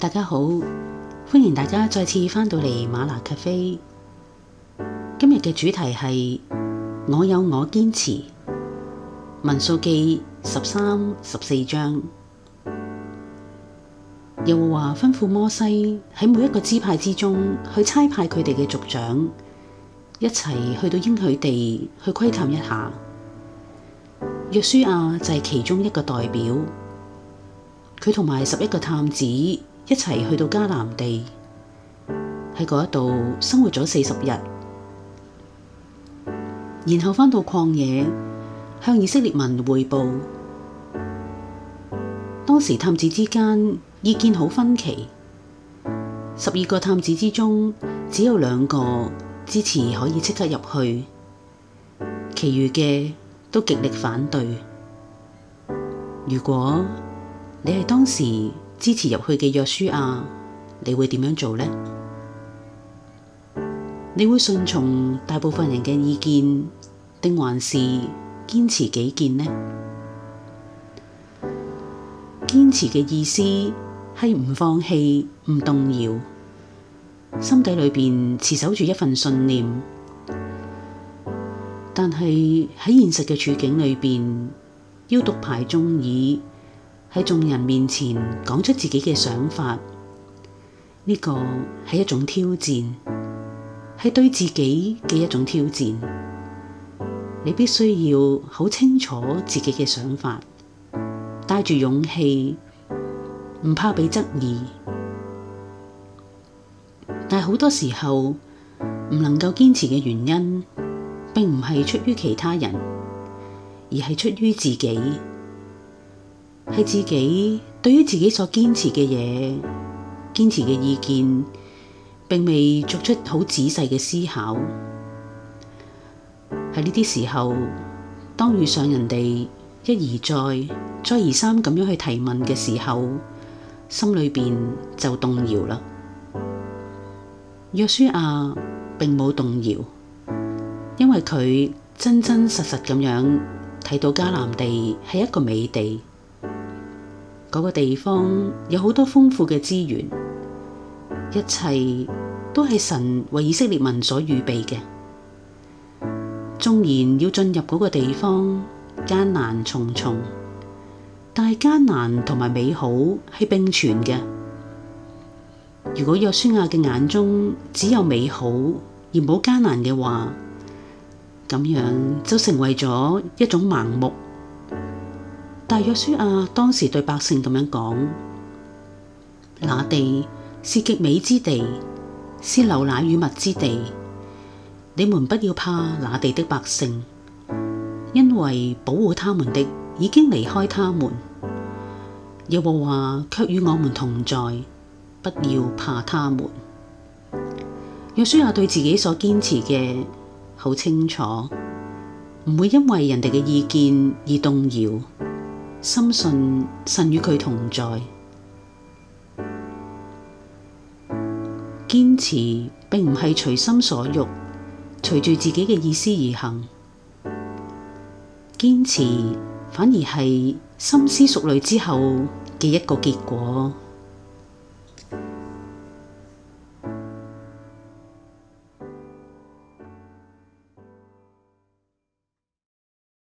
大家好，歡迎大家再次返到嚟馬拿咖啡。今日嘅主題係我有我堅持。民數記十三、十四章，耶和華吩咐摩西喺每一個支派之中去差派佢哋嘅族長，一齊去到應許地去窺探一下。約書亞就係其中一個代表，佢同埋十一個探子。一齊去到迦南地，喺嗰度生活咗四十日，然後返到曠野向以色列民匯報。當時探子之間意見好分歧，十二個探子之中只有兩個支持可以即刻入去，其餘嘅都極力反對。如果你係當時。支持入去嘅約書亞啊，你會點樣做呢？你會順從大部分人嘅意見，定還是堅持己見呢？堅持嘅意思係唔放棄、唔動搖，心底裏邊持守住一份信念，但係喺現實嘅處境裏邊，要獨排眾議。喺眾人面前講出自己嘅想法，呢個係一種挑戰，係對自己嘅一種挑戰。你必須要好清楚自己嘅想法，帶住勇氣，唔怕被質疑。但好多時候唔能夠堅持嘅原因，並唔係出於其他人，而係出於自己。係自己對於自己所堅持嘅嘢、堅持嘅意見，並未作出好仔細嘅思考。喺呢啲時候，當遇上人哋一而再、再而三咁樣去提問嘅時候，心裏面就動搖啦。約書亞並冇動搖，因為佢真真實實咁樣睇到迦南地係一個美地。嗰個地方有好多豐富嘅資源，一切都係神為以色列民所預備嘅。縱然要進入嗰個地方，艱難重重，但係艱難同埋美好係並存嘅。如果約書亞嘅眼中只有美好而冇艱難嘅話，咁樣就成為咗一種盲目。但約書亞、啊、當時對百姓咁樣講：嗯、那地是極美之地，是流奶與蜜之地。你們不要怕那地的百姓，因為保護他們的已經離開他們。耶和華卻與我們同在，不要怕他們。約書亞、啊、對自己所堅持嘅好清楚，唔會因為人哋嘅意見而動搖。深信神與佢同在，堅持並唔係隨心所欲，隨住自己嘅意思而行。堅持反而係深思熟慮之後嘅一個結果。